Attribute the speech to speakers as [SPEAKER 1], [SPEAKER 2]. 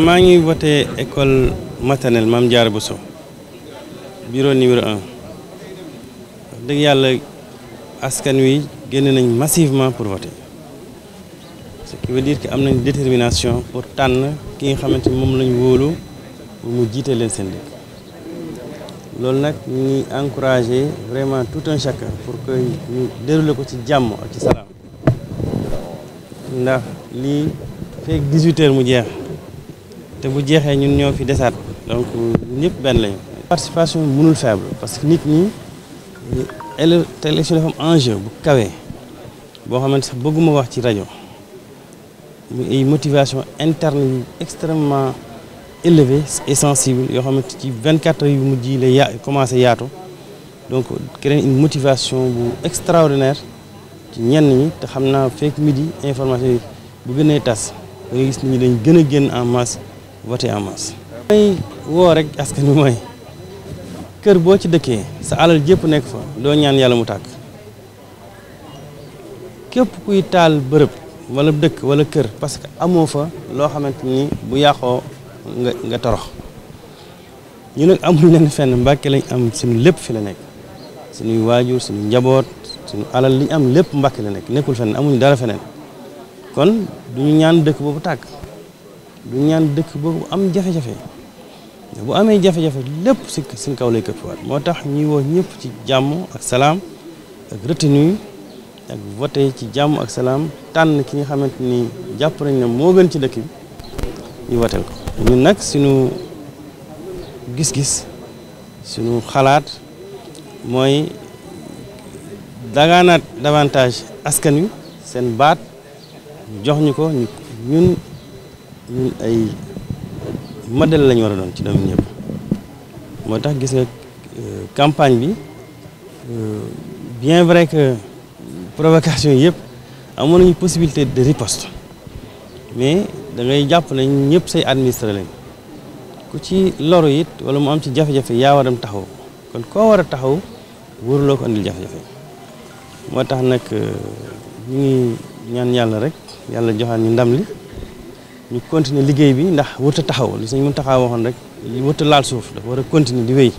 [SPEAKER 1] maa ngi voté école maternelle Mame Diarra Bousso bureau numéro un dëgg yàlla askan wi génn nañ massivement pour voter ce qui veut dire que am nañ détermination pour tànn ki nga xamante ni moom lañ wóolu pour mu jiite leen seen dëkk loolu nag ñuy encourager vraiment tout un chacun pour que ñu déroulé ko ci jàmm ak ci salaam ndax lii fekk 18 mu jeex te bu jeexee ñun ñoo fi desaat donc ñëpp benn lañu. participation bi mënul faible parce que nit ñi élève te élection dafa am enjeu bu kawee boo xamante sax bëgguma wax ci rajo mu ay interne yu extrêmement élevée et sensible yoo xamante ci 24 heures yu mujj yi la ya commencé yaatu donc créer une motivation bu extraordinaire ci ñenn ñi te xam naa fekk midi information yi bu gën a tas da nga gis nit ñi dañ gën a génn en masse. voté en masse. mooy woo rek askan wi mooy kër boo ci dëkkee sa alal jépp nekk fa doo ñaan yàlla mu tàkk képp kuy taal bërëb wala dëkk wala kër parce que amoo fa loo xamante ni bu yàqoo nga torox ñu ne amuñ leen fenn Mbàkke lañ am suñu lépp fi la nekk suñuy waajur suñu njaboot suñu alal li ñu am lépp Mbàkke la nekk nekkul feneen amuñu dara feneen kon duñu ñaan dëkk boobu tàkk du ñaan dëkk boobu am jafe-jafe bu amee jafe-jafe lépp si suñ kaw lay waat moo tax ñuy woo ñëpp ci jàmm ak salaam ak retenue ak vote ci jàmm ak salaam tànn ki nga xamante ni jàpp nañ ne moo gën ci dëkk bi ñu wateel ko ñun nag suñu gis-gis suñu xalaat mooy dagaanaat davantage askan wi seen baat jox ñu ko ñun ñun ay modèle lañu war a doon ci domaine yëpp moo tax gis nga euh, campagne bi euh, bien vrai que provocation yëpp amoon nañu possibilité de riposte mais da jàpp nañ ñëpp say administré lañ ku ci loru it wala mu am ci jafe-jafe yaa war a taxaw kon koo war a taxaw wóoruloo ko andil jafe-jafe moo tax nag euh, ñu ngi ñaan yàlla rek yàlla joxaan ñu ndam li ñu continuer liggéey bi ndax wërta taxaw li suñ mën taxaw waxoon rek wërta laal suuf dafa war a continuer di wéy